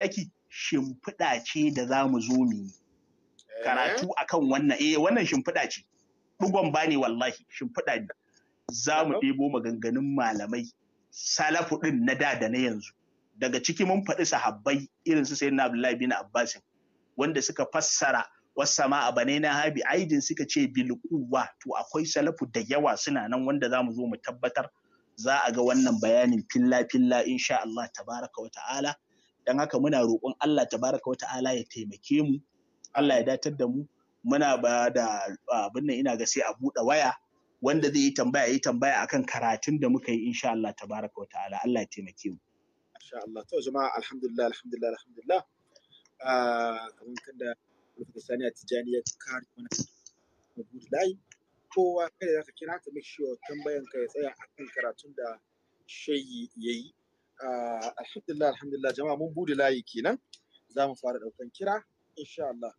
ake shimfiɗa ce da za mu zo mu yi eh. karatu akan wannan eh wannan shimfiɗa ce ɗugon ba ne wallahi shimfiɗa ne za mu ɗebo maganganun malamai salafu ɗin na da da na yanzu daga ciki mun faɗi sahabbai irin su sai na abdullahi bin abbasin wanda suka fassara ma a bane na habi aidin suka ce bilkuwa to akwai salafu da yawa suna nan wanda za mu zo mu tabbatar za a ga wannan bayanin filla filla insha Allah tabaraka wa ta'ala dan haka muna roƙon Allah tabaraka WaTa'ala ya taimake mu Allah ya datar da mu muna ba da abin nan ina ga sai a buɗe waya wanda zai yi tambaya yi tambaya akan karatun da muka yi insha Allah tabaraka ta'ala Allah ya taimake mu insha Allah to jama'a alhamdulillah alhamdulillah alhamdulillah kamar kada da Sani a Tijjani ya kare mana Mahmud Layi kowa kai zaka kira ka make sure tambayan ka ya tsaya akan karatun da shayi yayi Ah, alhamdulillah alhamdulillah jama'a mun bude layi kenan za mu fara daukan kira insha Allah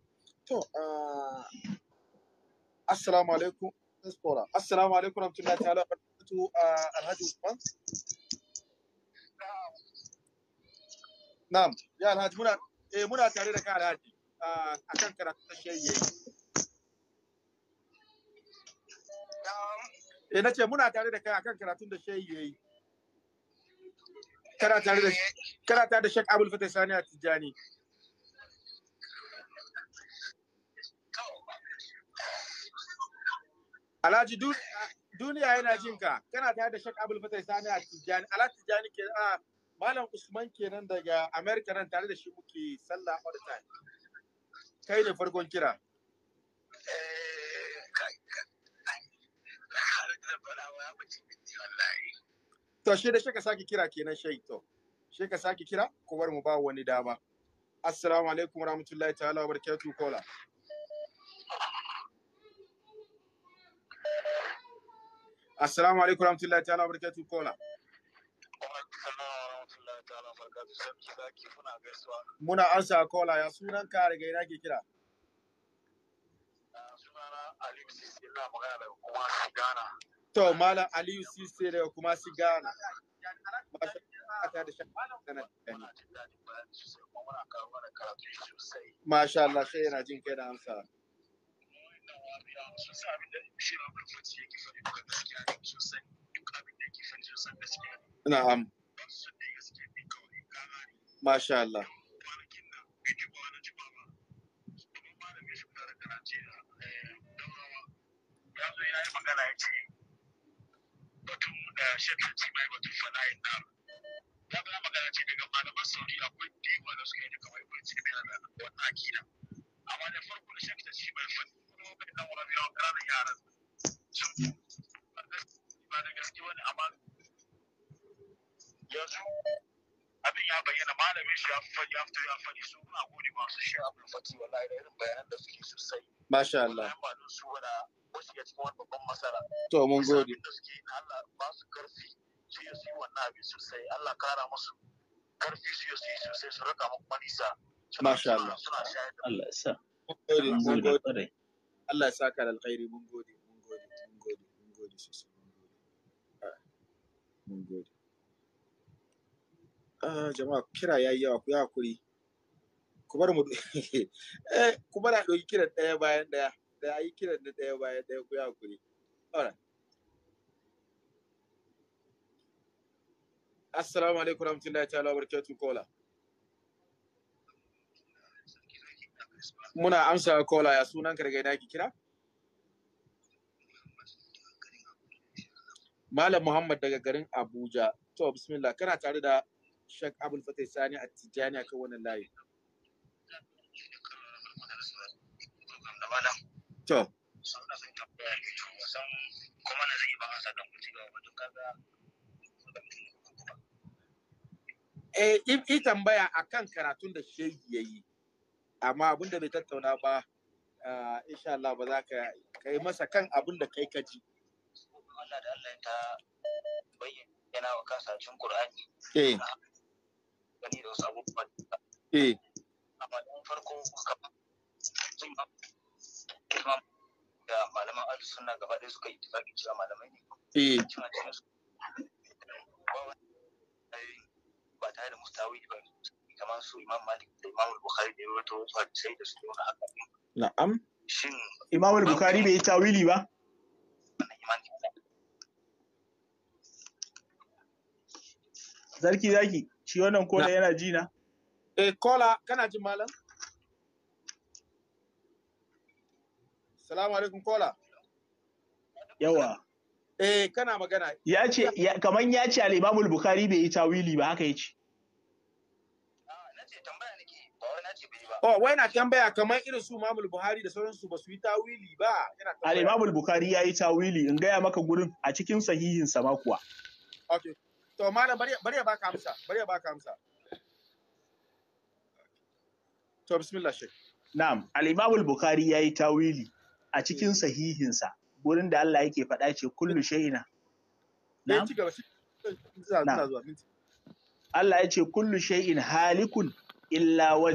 to ah, assalamu alaikum assalamu alaikum rahmatullahi ta'ala barakatu ah, alhaji Usman na'am ya alhaji muna eh muna tare da ka alhaji akan karatu ta shayye eh nace muna tare da kai akan da shayye kana tare da kana tare da Sheikh Abdul Sani a Tijjani Alhaji duniya yana jin ka kana tare da Sheikh Abdul Fatah Sani a Tijjani Alhaji Tijjani ke a Malam Usman kenan daga America nan tare da shi muke sallah all the time kai ne farkon kira eh to shi da shaka sake kira kenan shaito shi ka sake kira ko bar mu ba wani dama assalamu alaikum warahmatullahi ta'ala wabarakatuh kola assalamu alaikum warahmatullahi ta'ala wabarakatuh kola muna ansa kola ya sunan ka daga ina ke kira sunana alim ina magana daga kuma ghana To, Malam Aliyu Sise daga kuma su gana. Masha Allah, sai yana jin kai da amsa. Na'am. Masha Allah. ya eh, ya yi magana ya ce batu da shekar cimai batu falayin na ya zama magana ce daga malaman sauri akwai dewa da suka yi daga wai kun cikin da wata akida amma da farko da shekar mai fadi kuma ba da wani yawan ƙananan yaran sun ba da gaske wani amma yanzu abin ya bayyana malamin shi ya fadi ya fito ya fadi su muna gode masu shi abin fati wallahi da irin bayanan da suke sosai masha Allah wasu ya cikin wani babban masara to mun gode ba su karfi su yi su yi wannan abin sosai Allah kara musu karfi su yi su yi sosai su raka muku manisa masha Allah Allah ya sa ka da alkhairi mun gode mun gode mun gode mun gode sosai mun gode mun gode ah jama'a kira yayi yawa ku yi hakuri ku bar mu eh ku bar a ɗauki kiran ɗaya bayan ɗaya da ayi kiran da ɗaya bayan ɗaya ku yi hakuri alright Assalamu alaikum warahmatullahi ta'ala barkatu kola. Muna amsa kola ya sunan karga ina ki kira? Malam Muhammad daga garin Abuja. To bismillah kana tare da Sheikh Abdul Fatai Sani a Tijjani akan wannan layi. To. kuma na zai ba a sadan kaga eh yi tambaya akan karatun da shehi yi. amma abinda bai tattauna ba ah, insha Allah ba za ka yi masa kan abin da kai ka ji Allah da Allah ta bayyana wa kansa cikin Qur'ani eh gani da wasu abubuwa eh amma dan farko kamar imam da malaman al-sunna gaba ɗaya suka yi tafaki cewa malamai ne eh misali mustawi ban kamar su imam malik da imam bukhari da yawato wasu hadisai da su nuna haka na'am shin imam bukhari bai yi tawili ba Zarki zaki, shi wannan kola yana ji na? Eh, kola, kana jin malam? Salamu alaikum kola. Yawa. Eh, kana magana. Ya ce, kaman ya ce al'imamul Bukhari bai yi tawili ba haka ya Oh, wai na tambaya kamar irin su Mamul Buhari da sauransu ba su yi tawili ba. Al Imamul Bukhari ya yi tawili in gaya maka gurin a cikin sahihin sa ma kuwa. Okay. To malam bari ya baka amsa, bari ya baka amsa. To bismillah shek. Na'am, Al Imamul Bukhari ya yi tawili a cikin mm. sahihin sa gurin da Allah yake faɗa ce kullu shay'ina. Na'am. Allah ya ce kullu shay'in halikun illa ko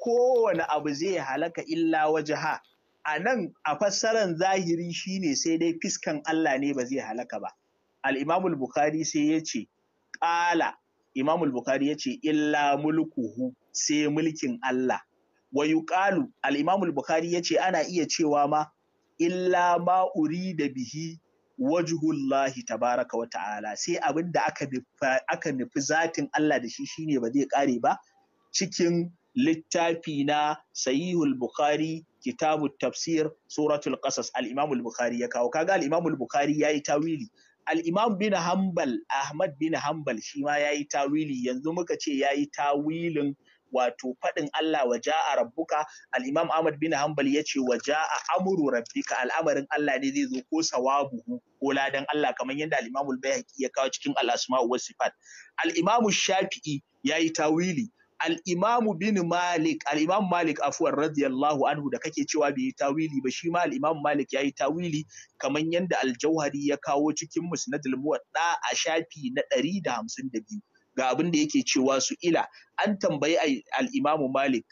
kowane abu zai halaka illa wajaha a nan a fassaran zahiri shine sai dai fiskan Allah ne ba zai halaka ba al-imamul bukhari sai ya ce ƙala imamul bukhari ya ce illa mulkuhu sai mulkin Allah wa yuqalu al-imamul bukhari ya ce ana iya cewa ma illa ma da bihi wajhullahi tabaraka wa ta'ala sai abin da aka nufi zatin Allah da shi shine ba zai kare ba cikin littafi na sayihul bukhari kitabu tafsir suratul qasas al-imam al-bukhari ya kawo kaga al-imam al-bukhari yayi tawili al-imam bin hanbal ahmad bin hanbal shi ma yayi tawili yanzu muka ce yayi tawilin wato faɗin Allah wa ja'a rabbuka al-Imam Ahmad bin Hanbal yace wa ja'a amru rabbika al'amarin Allah ne zai zo ko buhu ko ladan Allah kamar yadda al-Imam al-Baihaqi ya kawo cikin al-Asma Al'imamu Sifat al-Imam Shafi'i yayi tawili al-Imam bin Malik al-Imam Malik afwan radiyallahu anhu da kake cewa bai tawili ba shi ma al-Imam Malik yayi tawili kamar yadda al ya kawo cikin Musnad al-Muwatta a shafi na 152 ga abin da yake cewa su ila an tambayi al malik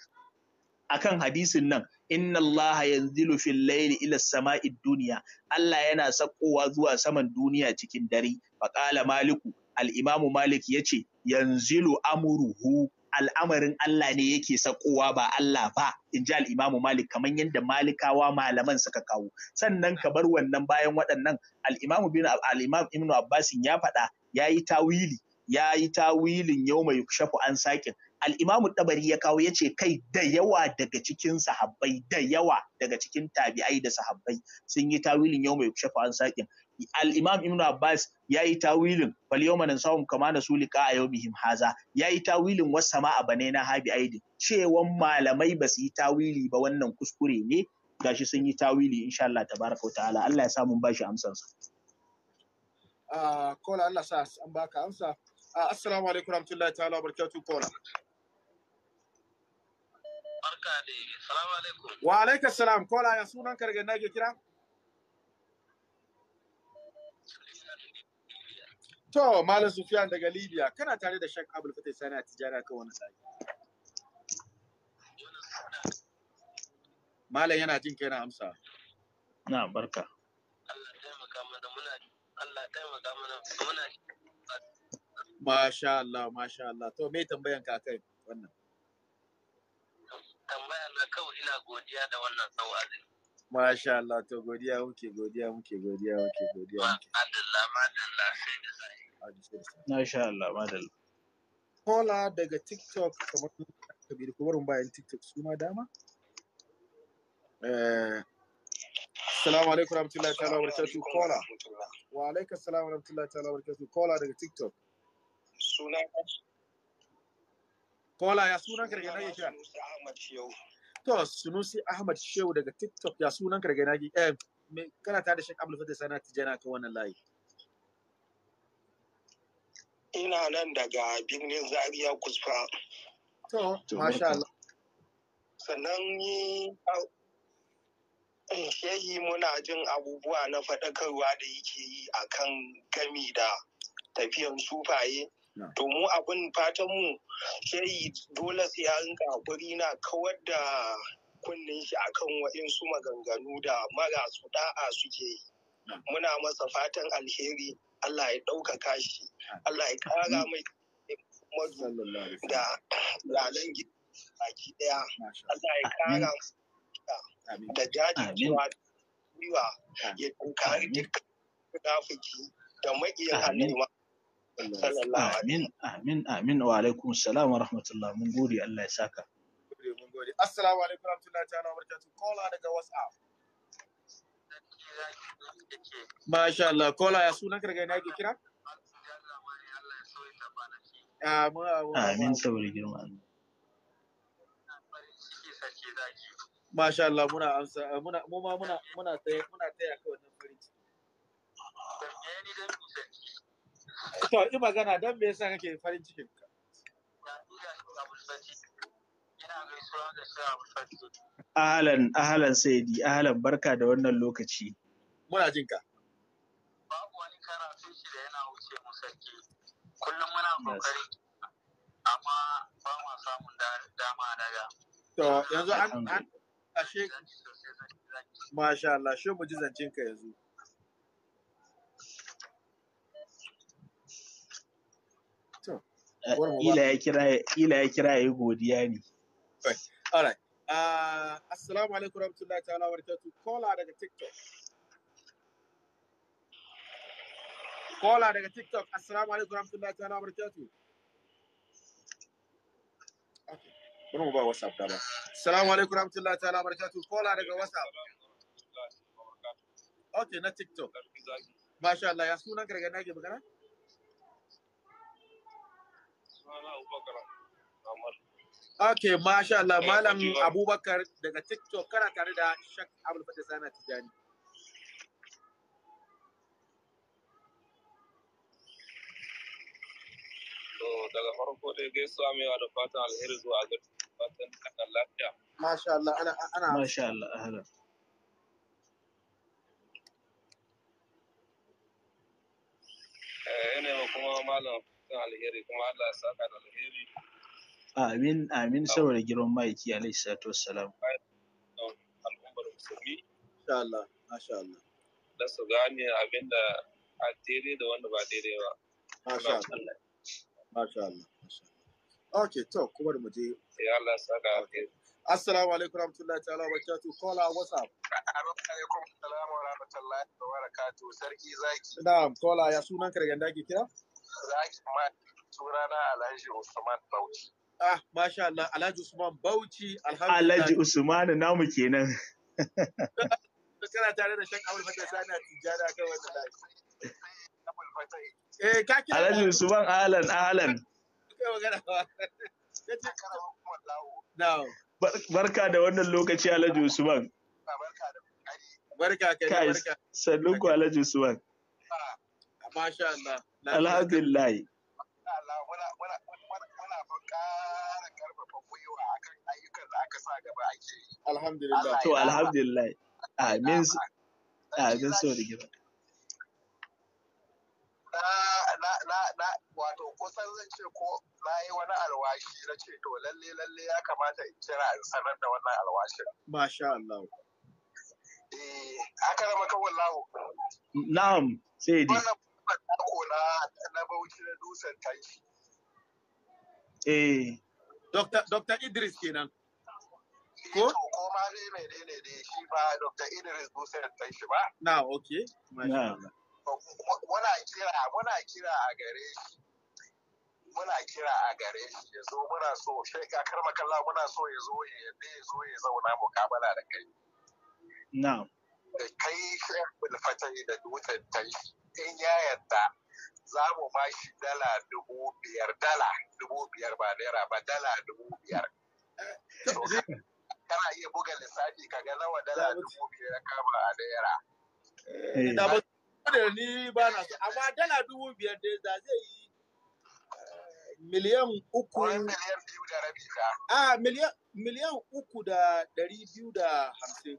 akan hadisin nan inna Allah yanzilu fil layli ila sama'id duniya Allah yana sakowa zuwa saman duniya cikin dare faqala maliku al malik yace yanzilu amruhu al'amarin Allah ne yake sakowa ba Allah ba in ji al'imamu Malik kamar yadda Malikawa malaman suka kawo sannan ka bar wannan bayan waɗannan al'imamu bin al'imam Ibn Abbasin ya faɗa ya yi tawili ya yi tawilin yau mai shafu an sakin al'imamu ɗabari ya kawo ya ce kai da yawa daga cikin sahabbai da yawa daga cikin tabi'ai da sahabbai sun yi tawilin yau mai shafa an saƙin al'imam ibn abbas ya yi tawilin fal yau manan kama na sulika a yau bihim haza ya yi tawilin wasu sama a bane na habi aidin cewan malamai ba su yi tawili ba wannan kuskure ne gashi sun yi tawili insha Allah tabaraka ta'ala Allah ya samu bashi amsansa. Uh, kola Allah sa an baka amsa. Uh, assalamu alaikum warahmatullahi ta'ala barkatu kola. Barka ne. Assalamu alaikum. Wa alaikum salam. Kola ya sunan ka daga ke kira? To, Malam Sufiyan daga Libya, kana tare da Shek Abul Fatai Sani a tijara kan wani sai. Malam yana jin kai na amsa. Na barka. Allah taimaka mana muna Allah taimaka mana muna Masha Allah, masha Allah. To me tambayan ka kai wannan? Tambaya na kawai ina godiya da wannan sau'azin. Masha Allah, to godiya muke, godiya muke, godiya muke, godiya muke. Madalla, madalla, sai da sai. Masha Allah, madalla. Kola daga TikTok kamar kabir kuma bayan TikTok su ma dama? Eh, assalamu alaikum warahmatullahi ta'ala wa barakatuh. Kola. Wa alaikum assalam warahmatullahi ta'ala wa barakatuh. Kola daga TikTok. Suna ya sunan ka daga nage kira? Sunusi Ahmad Shehu. To Sunusi Ahmad Shehu daga TikTok ya sunan ka daga yake eh me kana ta da Sheikh Abdul Fatah sana jana ka wannan layi. Ina nan daga birnin Zaria Kusfa. To masha Allah. Sannan ni eh, shehi muna jin abubuwa na faɗakarwa da yake yi akan gami da tafiyan sufaye. To mu abin fatan mu sai dole sai ya rinka hakuri na kawar da kunnen shi akan waɗansu maganganu da marasu da'a suke yi. Muna masa fatan alheri Allah ya ɗaukaka shi, Allah ya ƙara mai da lalan baki ɗaya, Allah ya ƙara da jajircewa gwiwa ya tunkari duk da maƙiyan annabi Amin, amin, amin wa alaikum salam wa rahmatullah mun gode Allah ya saka. Mun gode, Assalamu alaikum rahmatullahi ta'ala wa barakatuh. Kola daga WhatsApp. Masha Allah, kola ya sunan karga na ke kira? Amin saboda girma. Masha Allah muna amsa muna muna, muna muna muna taya ka wannan To, yi magana don me yasa kake farin cikin ka? Ahalan, ahalan Sayyidi, ahalan barka da wannan lokaci. Muna jin ka. Babu wani karatu shi da yana wuce mu sarki. Kullum muna kokari amma ba ma samun dama daga. To, yanzu an ashe Masha Allah, shi mu ji zancen ka yanzu. Eh, ila ya kira ya godiya ne ah, assalamu alaikum ta'ala barakatuh kola daga tiktok kola daga tiktok assalamu alaikum ta'ala barakatuh bari mu ba whatsapp assalamu alaikum ta'ala barakatuh na tiktok masha Allah ya sunan gargana ke magana Ok, masha Allah, eh, Malam Abubakar daga TikTok kana tare da Shak Abul Fatah Sana Tijani. To daga farko dai gaisuwa mai da fatan alheri zuwa ga fatan kan lafiya. Masha Allah, ana ana Masha Allah, Eh, ina kuma Malam fatan alheri kuma Allah ya saka da alheri amin amin saboda girman ma'aiki alaihi salatu wassalam al'ummar musulmi insha Allah masha Allah da su gane abin da a daidai da wanda ba daidai ba masha Allah masha Allah okay to kuma da mu je ya saka alheri Assalamu alaikum ta'ala kola WhatsApp. Alaikum salamu rahmatullahi sarki zaki. Na'am kola ya sunan ka daga kira? Alhaji Usman Bauchi. Ah, masha Allah, Alhaji Usman Bauchi, Alhaji Usman kenan. da a eh, Alhaji Usman Alan Alan. ba. Barka da wannan lokaci Alhaji Usman. Ah, barka da Barka barka. ku Alhaji Usman. Ah. Masha alhamdulillah alhamdulillah to alhamdulillah amin amin so da gida na na na wato kusan zan ce ko na yi wani alwashi na ce to lalle lalle ya kamata in kira in sanar da wannan alwashin masha Allah eh aka rama kan wallahu na'am sai dai tako na na bauchi na dusan Eh. Dr. Idris kenan. Eh, ko? Ko ma ne dai shi ba Dr. Idris dusan ba. Na okay. Muna kira muna kira a gare shi. muna kira a gare shi ya zo muna so shai ga karma kalla muna so ya zo ya yadda ya zo ya zauna mukabala da kai. Na. Da kai shai fata da dutsen in ya yarda za mu ba shi dala dubu biyar dala dubu biyar ba naira ba dala dubu biyar kana iya buga lissafi ka ga nawa dala dubu biyar ya kama a naira eh, eh, da ba da ni ba na so amma dala dubu biyar dai za zai yi eh, miliyan uku miliyan biyu da rabi ah, miliyan uku da ɗari biyu da hamsin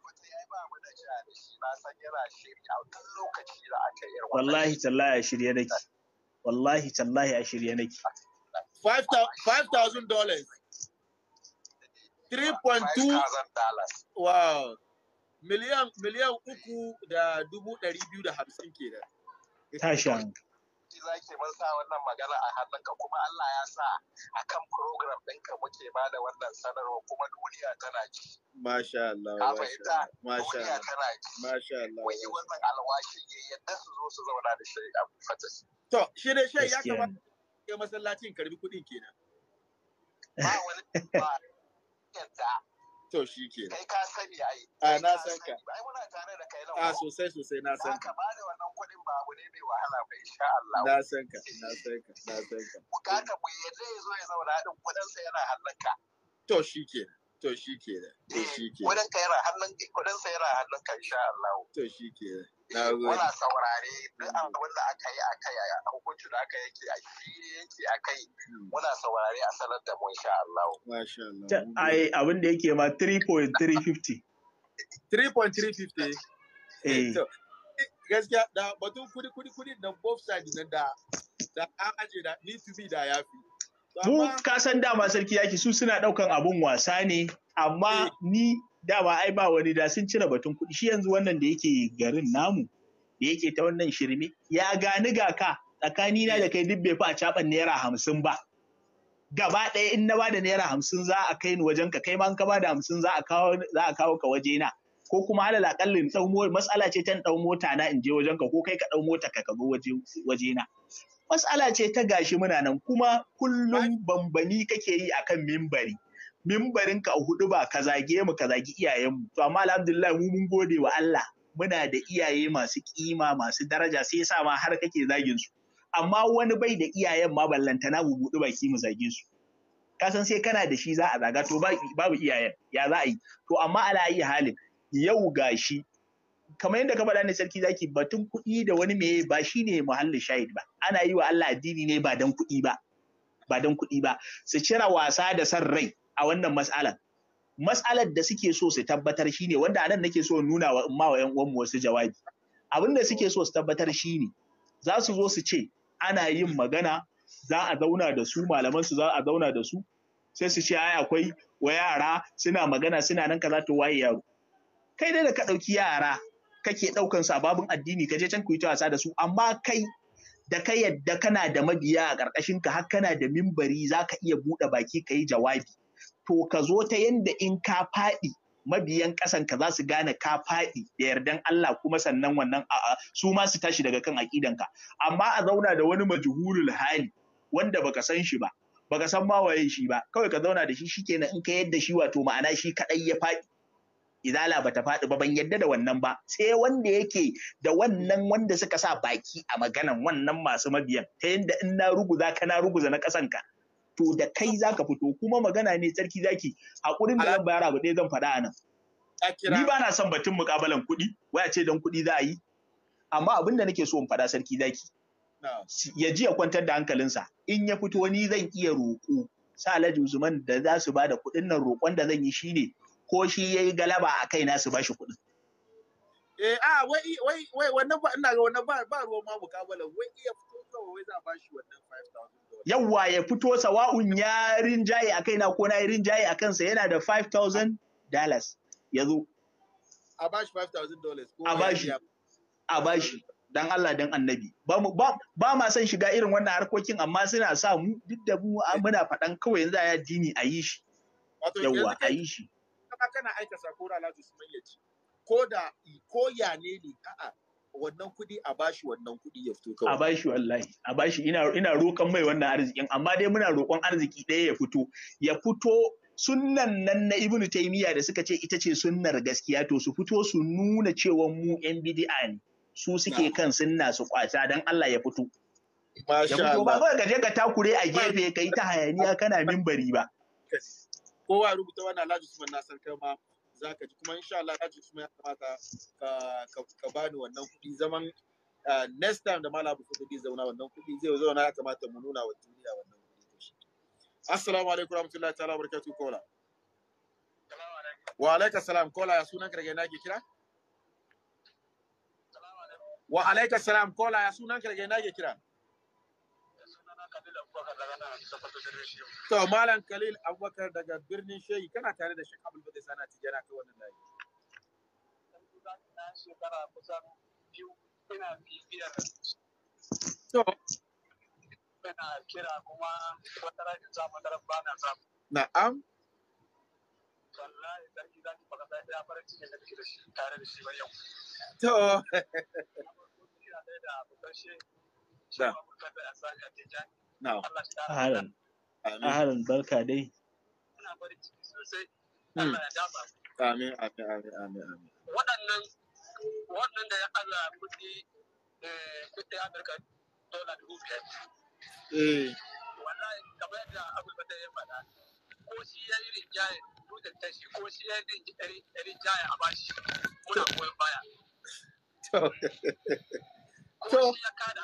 wallahi tallahi a shirye nake wallahi tallahi a shirye nake 5000 dollars 3.2 wow miliyan miliyan uku da dubu ɗari biyu da hamsin kenan tashi Za zaki mun sa wannan magana a hannunka kuma Allah ya sa akan program ɗinka muke ba da wannan sanarwa kuma duniya tana ji. Masha Allah. Ka fahimta? Masha Allah. Duniya tana ji. Masha Allah. Wani wannan alwashi ne yadda su zo su zauna da shi a fatas. To, shi ne shi ya kamata ya masallacin karbi kuɗin kenan. Ba wani ba yadda To shi ke. Kai ka sani ai. A ah, na san ka. Ai muna tare da kai lawa. A ah, sosai sosai na san ka. Ba da wannan kuɗin ba abu ne mai wahala ba insha Allah. Na san ka, na san ka, na san ka. Bukata mu yaje zo ya zauna din kuɗin sa yana hannun To shi ke. To shi ke da. To eh, shi ke. da. ka hannun kudin sai ra hannun ka insha Allah. To shi ke da. Na gode. Muna saurare duk abin da aka yi aka a hukuncin da aka yake a shi yake akai. Hmm. Muna saurare a sanar da mu insha Allah. Masha Allah. Ai abin da yake ma 3.350. 3.350. Eh. Gaskiya da batun kudi kudi kudi da both sides nan da da an aje da need to be da yafi. mu kasan dama sarki yaki su suna daukan abun wasa ne amma eh. ni dama ai ba wani da sun cire batun kuɗi shi yanzu wannan da yake garin namu da yake ta wannan shirme ya gani ga ka tsakani na da kai duk bai fi a caban naira hamsin ba gaba ɗaya in na bada naira hamsin za a kai ni wajen ka kai ma in ka bada hamsin za a kawo ka waje na ko kuma alal akalli in matsala ce ta ɗau mota na in je wajen ka ko kai ka ɗau mota ka ka waje waje na Matsala ce ta gashi muna nan kuma kullum bambani kake yi akan mimbari. Mimbarin ka hudu ba ka zage mu ka zagi iyayenmu. To amma alhamdulillah mu mun gode wa Allah muna da iyaye masu kima masu daraja sai sa ma har kake zagin su. Amma wani bai da iyayen ma na mu buɗe baki mu zage su. san sai kana da shi za a zaga to babu iyayen ya za a yi. To amma ala halin yau gashi kamar yadda ka faɗa ne sarki zaki batun kuɗi da wani meye ba shi ne muhallin shahid ba ana yi wa Allah addini ne ba dan kuɗi ba ba dan kuɗi ba su cira wasa da san rai a wannan mas'alan mas'alar da suke so su tabbatar shine wanda anan nake so nuna wa umma wa ƴan uwanmu wasu jawabi abin da suke so su tabbatar shine za su zo su ce ana yin magana za a zauna da su malaman su za a zauna da su sai su ce ai akwai wa yara suna magana suna nan kaza to waye yaro kai dai da ka ɗauki yara kake ɗaukan sababin addini ka je can ku yi ta wasa da su amma kai da ka yadda kana da mabiya a ƙarƙashin ka har kana da mimbari za ka iya buɗe baki ka yi jawabi to ka zo ta yanda in ka faɗi mabiyan ƙasan ka za su gane ka faɗi da yardan Allah kuma sannan wannan a'a su ma su tashi daga kan ka amma a zauna da wani majhulul hali wanda baka san shi ba baka san ma waye shi ba kawai ka zauna da shi shikenan in ka yadda shi wato ma'ana shi kadai ya faɗi izala bata faɗi ba ban yadda da wannan ba sai wanda yake da wannan wanda suka sa baki a maganan wannan masu mabiyan ta yadda in na ruguza ka na ruguza na ka. to da kai za ka fito kuma magana ne sarki zaki hakurin da zan bayar abu ɗaya zan faɗa a nan ni ba na son batun mukabalan kuɗi waya ce don kuɗi za a yi amma abin da nake so in faɗa sarki zaki ya ji ya kwantar da hankalinsa in ya fito ni zan iya roƙo sa Alhaji Usman da za su ba da kuɗin nan roƙon da zan yi shine ko shi ya yi galaba a kai nasu ba shi kuɗin. Eh, a ah, wai wai wai wannan ba ina ga wannan ba ba ruwan ma kabala, wai iya fito sawa wai za a bashi wannan 5000. Yawwa ya fito sawa'un ya rinjaye a kaina ko na rinjaye a kansa yana da 5000 dollars ya zo. A bashi 5000 dollars. A shi, A shi. dan Allah dan annabi ba mu ba ba ma son shiga irin wannan harkokin amma suna sa mu duk da mu muna faɗan kawai yanzu a addini a yi shi Yawwa a yi shi matuƙa kana aika sako da su Usman ya ci ko da ko ya ne ne a'a wannan kuɗi a bashi wannan kuɗi ya fito kawai a bashi wallahi a bashi ina ina roƙon mai wannan arzikin amma dai muna roƙon arziki ɗaya ya fito ya fito sunnan nan na ibnu taymiya da suka ce ita ce sunnar gaskiya to su fito su nuna cewa mu yan bid'a ne su suke kan sunna su kwata dan Allah ya fito Masha Allah. Ba ka je ka takure a gefe kai ta hayaniya kana mimbari ba. kowa ya rubuta wannan alhaji usman na san kai ma za ka ji kuma insha Allah alhaji usman ya kamata ka ka bani wannan kuɗi zaman eh, next time da malam abu Kudi zauna wannan kuɗi zai zauna ya kamata mu nuna wa duniya wannan kuɗi assalamu alaikum warahmatullahi ta'ala barakatuh kola wa alaika salam kola ya sunan kirge na ke kira wa alaika salam kola ya sunan kirge na ke kira To Malam Khalil Abubakar daga birnin Shehi kana tare da Sheikh Abdul Bada sana tijana kai wannan layi. To kana kira kuma wata rajin samu wata ba na samu. Na'am. Wallahi sarki za ki faɗa sai ya fara cikin da kike tare da shi ba yau. To. Da. Da. Da. Da. Da. Da. Da. Da. Da. Da. Da. na'am ahalan ahalan barka dai hmm. ya amin amin amin amin amin waɗannan da ya kalla kuɗi eh, kuɗi Amurka dola dubu biyar eh wallahi kamar yadda faɗa ko shi ya yi rinjaye tashi ko shi ya yi rinjaye a bashi baya to ya kada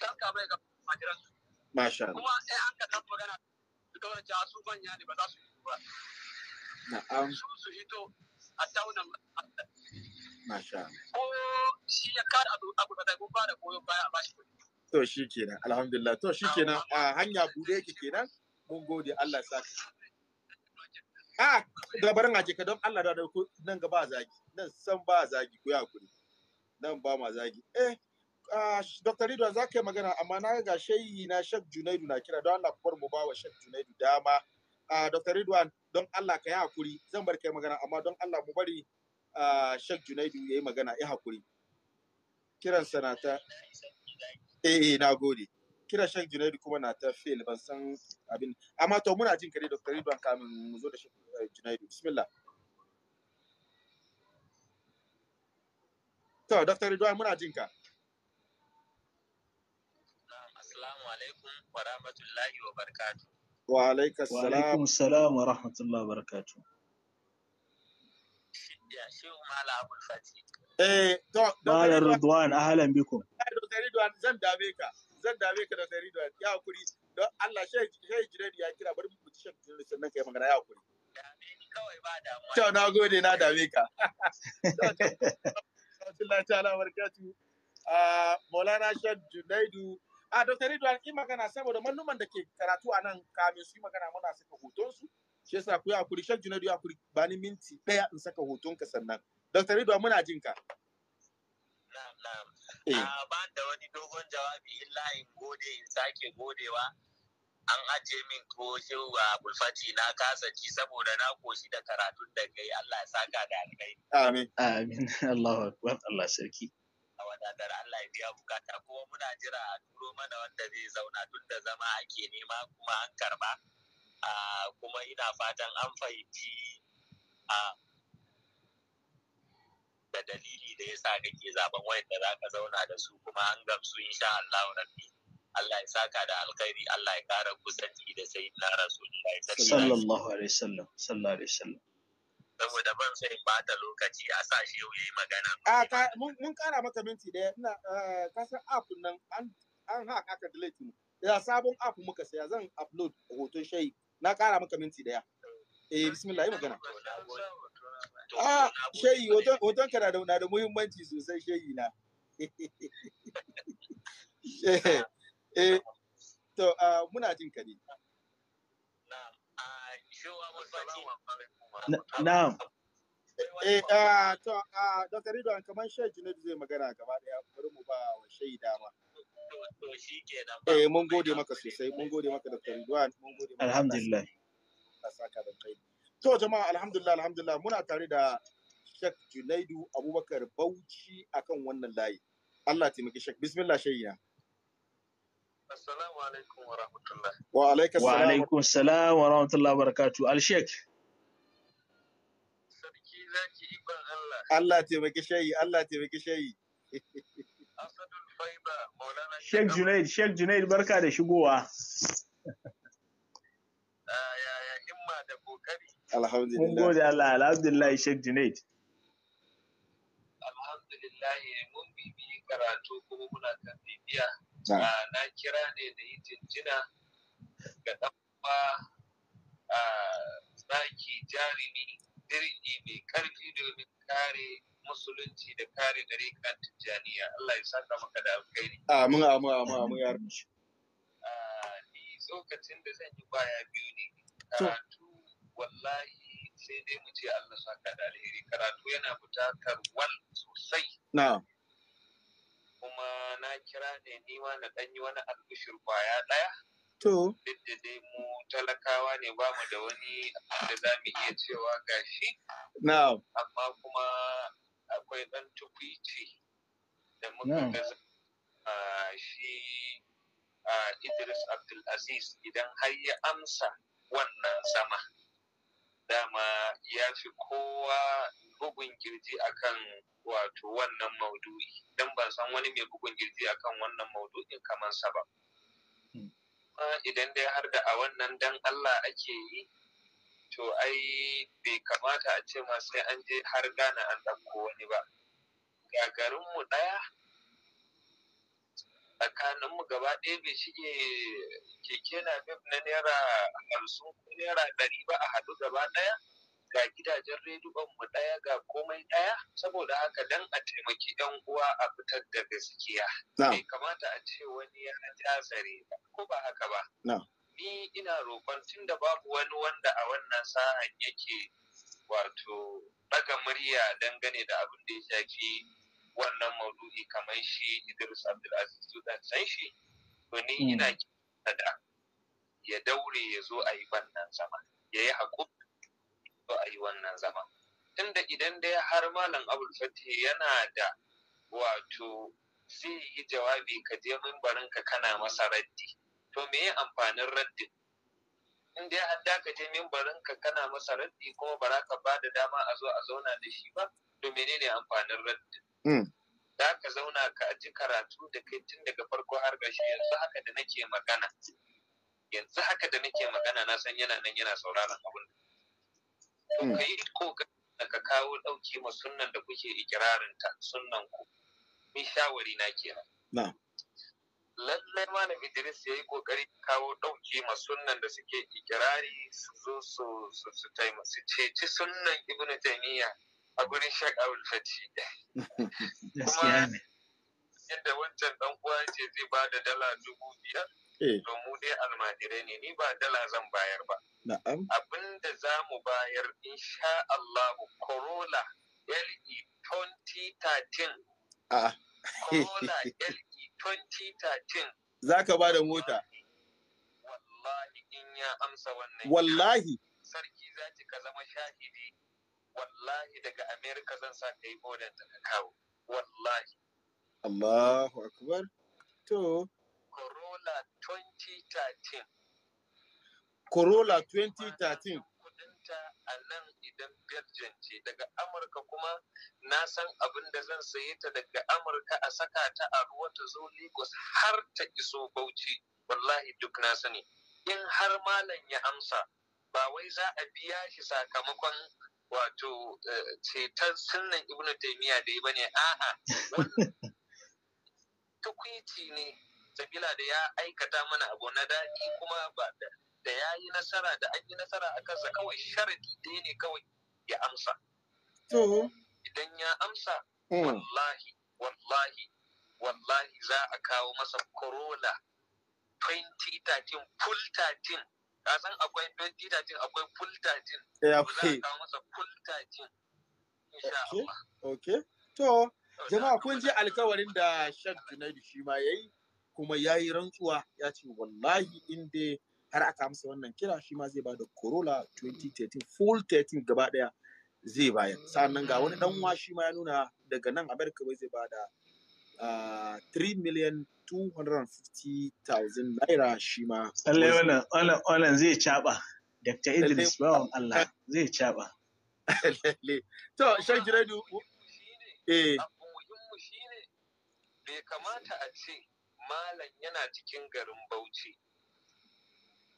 karka bai ga majiran su masha kuma sai an ka tafi magana da kawai cewa su manya ne ba za su yi ba na'am su su hito a tauna masha Allah. ko shi ya kada abu da kai ba da goyon baya a bashi kuɗi to shi kenan alhamdulillah to shi kenan a hanya bude yake kenan mun gode Allah sa a gabarin ake ka don Allah da nan ga ba zagi nan san ba zagi ko ya kuri nan ba ma zagi eh Dr. Ridwan za ka yi magana amma na ga shayi na Shek Junaidu na kira don Allah ku bar mu ba wa Shek Junaidu dama. Dr. Ridwan don Allah ka yi hakuri zan bar kai magana amma don Allah mu bari Shek Junaidu ya yi magana ya hakuri. Kiran sanata. Eh na gode. Kiran Shek Junaidu kuma na ta fail ban san abin. Amma to muna jin kare Dr. Ridwan kamin mu zo da Shek eh, Junaidu. Bismillah. To, Dr. Ridwan muna jin ka. wa rahmatullahi wa barakatuh. Wa alaikum salam wa rahmatullahi wa shehu mala abul fati. Eh, Ridwan eh, Ridwan zan dame ka. Zan dame ka Ridwan. Ya hakuri. Don Allah shehu ya kira bari mu ci shehu sannan kai magana ya hakuri. kawai ba damuwa. na gode na dame ka. Alhamdulillah ta'ala barakatuhu. Maulana Junaidu a dr ridwan in magana saboda manoman da ke karatu a nan kamin su yi magana muna saka hoton su shi yasa ku yi hakuri shan junadu hakuri ba ni minti daya in saka hoton ka sannan dr ridwan muna jin ka na'am na'am eh. ah, ba da wani dogon jawabi illa in gode in sake godewa an ajiye min ko shewa bulfati na kasa ci saboda na koshi da karatun da kai Allah ya saka da alkai amin amin Allahu akbar Allah sarki a wadatar Allah ya biya bukata kuma muna jira a turo mana wanda zai zauna tun da zama ake nema kuma an karba kuma ina fatan an fahimci a da dalili da yasa kake zaben da za ka zauna da su kuma an gamsu insha Allah rabbi Allah ya saka da alkhairi Allah ya kara kusanci da sayyidina rasulullahi sallallahu alaihi wasallam sallallahu alaihi wasallam saboda ban sai in bata lokaci a sa shi ya yi magana. A mun kara maka minti daya ina eh, san app nan an haka ka delete mu. Ya sabon app muka saya zan upload hoton shayi na kara maka minti daya. Eh bismillah yi magana. Ah shayi hoton ka na da muhimmanci sosai shi na. Eh, eh to ah, muna jin ka ne. Na'am. Eh, ah to, ah, Dr. Ridwan, kamar Shehu Junaidu zai magana gaba daya bari mu ba wa Shehu dama. Eh, mun gode maka sosai, mun gode maka Dr. Ridwan, mun gode maka. Alhamdulillah. To, jama'a, alhamdulillah, alhamdulillah, muna tare da Sheikh Junaidu Abubakar Bauchi akan wannan layi. Allah taimaki Sheikh. Bismillah, Shehu Assalamu alaikum wa rahmatullah. Wa alaikum salam. Wa alaikum salam wa rahmatullah wa barakatu. Al-Sheikh. Sarki zaki iban Allah. Allah taimaki shayi, Allah taimaki shayi. Asadul Faiba, Maulana Sheikh Junaid, Sheikh Junaid barka da shigowa. Ah, ya ya himma da kokari. Alhamdulillah. Mun gode Allah, alhamdulillah Sheikh Junaid. Alhamdulillah mun bibiyi karatu kuma muna kan bibiya. Ah, na kira ne da yi jinjina ga a ah, zaki jarumi dirgi mai ƙarfi domin kare musulunci da kare dare kan tijjaniya Allah ya saka maka da alkhairi amin amin amin amin ya rubuce ah, ni tsokacin da zan yi baya biyu ne karatu wallahi sai dai mu ce Allah saka da alheri karatu yana buƙatar wal sosai na'am kuma na kira ne nima na ɗan yi wani albishir kwaya ɗaya. To. Duk da dai mu talakawa ne ba mu da wani da za mu iya cewa gashi. Na. Amma kuma akwai ɗan tukwici da muka Na. shi Idris Abdulaziz idan har ya amsa wannan sama. Dama ya fi kowa bugun girji akan wato wannan maudu'i don ban san wani mai bugun girji akan wannan maudu'in kamar sa ba hmm. idan dai har da a wannan dan Allah ake yi to ai bai kamata a ce ma sai an je har gane an ɗauko wani ba gagarinmu ɗaya tsakaninmu gaba ɗaya bai shige keke na na naira hamsin ko naira ɗari ba a haɗu gaba ɗaya ga gidajen rediyon mu ɗaya ga komai ɗaya saboda haka dan a taimaki yan uwa a fitar da gaskiya bai kamata a ce wani ya tasare ba ko ba haka ba ni ina roƙon tunda babu wani wanda a wannan sa'an yake wato daga murya dangane da abin da ya shafi wannan maudu'i kamar shi Idris Abdulaziz Sudan san shi to ni hmm. ina da ya daure ya zo a yi wannan sama ya yi haƙuri ba a yi wannan zama tunda idan dai har malam abul fatih yana da wato zai yi jawabi ka je mimbarin ka kana masa raddi to me ya amfanin raddin in dai hadda ka je mimbarin ka kana masa raddi kuma ba za ka ba da dama a zo a zauna da shi ba to me ne amfanin raddin da hmm. ka zauna ka ji karatu da kai tun daga farko har gashi yanzu haka da nake magana yanzu haka da nake magana na san yana nan yana sauraron abun Hmm. ka yi kokarin ka kawo ɗauki ma sunan da kuke ikirarin ta sunnan ku ni shawari na kenan lallai malam Idris ya yi kokari kawo ɗauki ma sunnan da suke ikirari su zo su su su taima su ceci sunnan Ibn a gurin Sheikh Abdul Fati kuma yadda wancan dan uwa ce zai ba da dala dubu biyar Eh. to mu dai almajirai ne ni ba dala zan bayar ba abin da za mu bayar insha Allah Corolla LE 2013 ah. Corolla LE 2013 za ka ba da mota wallahi in ya amsa wannan wallahi sarki za ka zama shahidi wallahi daga Amerika zan sa kai yi bodan da ka kawo wallahi Allahu akbar to Corolla 2013. Corolla 2013. Kudinta a nan idan Belgium ce daga Amurka kuma na san abin da zan sayi ta daga Amurka a saka ta a ruwa ta zo Lagos har ta iso Bauchi wallahi duk na sani. In har malam ya amsa ba wai za a biya shi sakamakon wato eh, cetar sunan ibnu taimiyya da ya bane a'a tukwici ne sabila da ya aikata mana abu na daɗi kuma ba da ya yi nasara da an yi nasara a kansa kawai sharadi ɗaya ne kawai ya amsa idan ya amsa hmm. wallahi wallahi wallahi za a kawo masa corolla 2013 full 13 ka san akwai 2013 akwai full 13 eh, za a kawo masa full 13 insha Allah okay to jama'a kun ji alkawarin da Sheikh Junaidu shi ma yayi kuma ya yi rantsuwa ya ce wallahi in dai har aka amsa wannan kira shi ma zai ba da corolla 2013 full 13 gaba daya zai bayar sannan ga wani dan shi ma ya nuna daga nan america bai zai ba da 3 million 250,000 naira shi ma. Lallai wannan wannan zai caba. Dr. Idris bawan Allah zai caba. To, shan jiradu. Eh. Abu muhimmu shi ne, bai kamata a ce malam yana cikin garin bauchi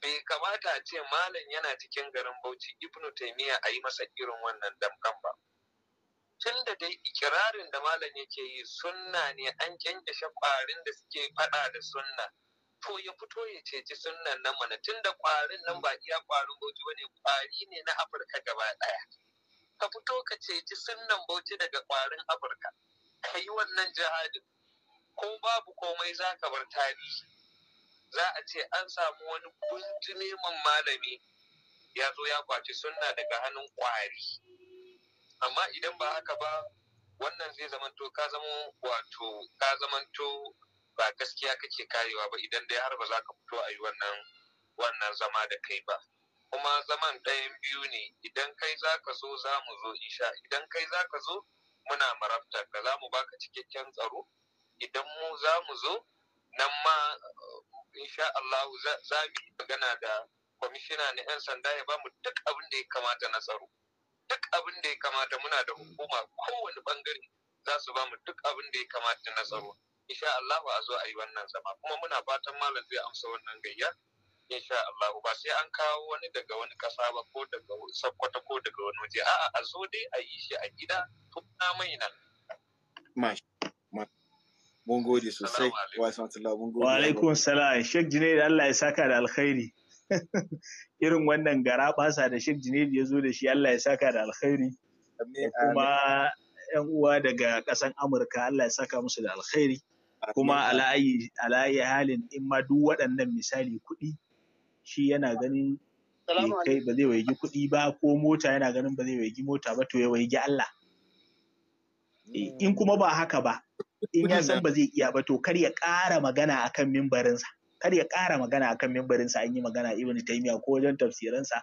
bai kamata a ce malam yana cikin garin bauchi ibnu taimiyya a yi masa irin wannan damkan ba tun da dai ikirarin da malam yake yi sunna ne an kyankyashe kwarin da suke faɗa da sunna to ya fito ya ceci sunnan nan mana tun da kwarin nan ba iya kwarin bauchi ba ne kwari ne na afirka gaba daya ka fito ka ceci sunnan bauchi daga kwarin afirka ka yi wannan jihadin ko babu komai za ka bar tarihi za a ce an samu wani neman malami ya zo ya kwaci sunna daga hannun kwari amma idan ba haka ba wannan zai zamanto ka zama wato ka zamanto ba gaskiya kake karewa ba idan dai har ba za ka fito a yi wannan wannan zama da kai ba kuma zaman ɗayan biyu ne idan kai za ka zo za mu zo insha idan kai za ka zo muna marabta ka za mu baka cikakken tsaro idan mu za mu zo nan ma eh, insha Allah za mu magana da kwamishina na 'yan sanda ya ba mu duk abin da ya kamata na tsaro duk abin da ya kamata muna da hukuma kowane bangare za su ba mu duk abin da ya kamata na tsaro insha Allah a zo a yi wannan zama kuma muna fatan malam zai amsa wannan gayya insha Allah ba sai an kawo wani daga wani kasa ba ko daga sakkwata ko daga wani waje a'a a zo dai a yi shi a gida tun na mai nan mun gode sosai wa rahmatullah mun gode wa alaikum salam Sheikh Junaid Allah ya saka da alkhairi irin wannan gara basa da Sheikh Junaid ya zo da shi Allah ya saka da alkhairi kuma yan uwa daga ƙasan Amurka Allah ya saka musu da alkhairi kuma ala'ayi halin in ma duk waɗannan misali kuɗi shi yana ganin kai ba zai waigi kuɗi ba ko mota yana ganin ba zai waigi mota ba to ya waigi Allah mm. in kuma ba haka ba in ya san ba zai iya ba to kar ya ƙara magana akan mimbarinsa kar ya ƙara magana akan mimbarinsa an yi magana ibn taymiya ko wajen tafsiransa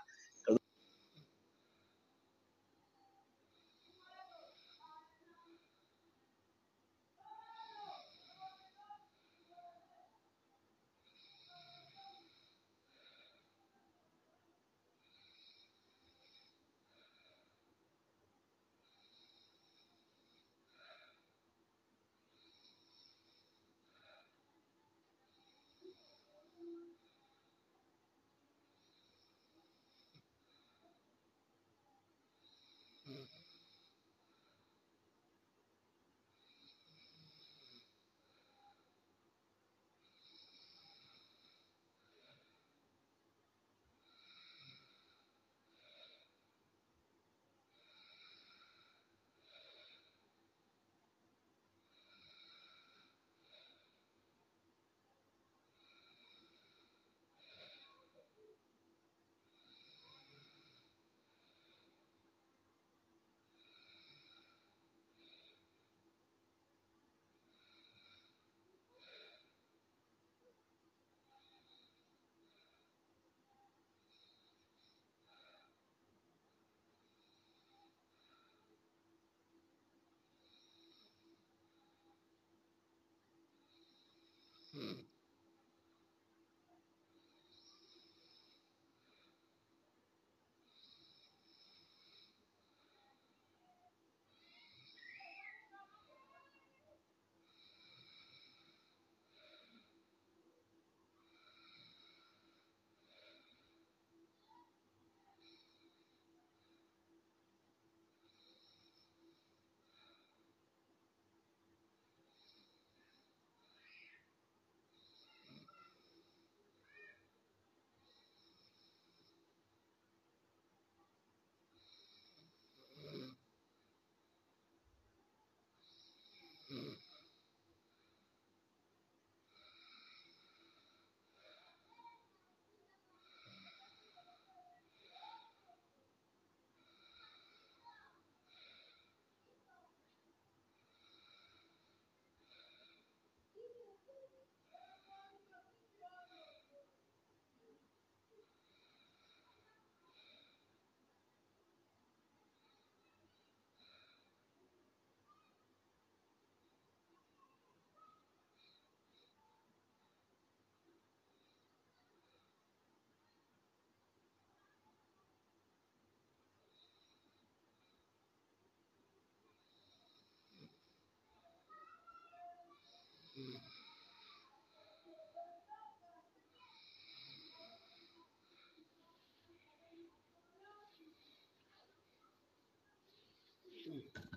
Thank you.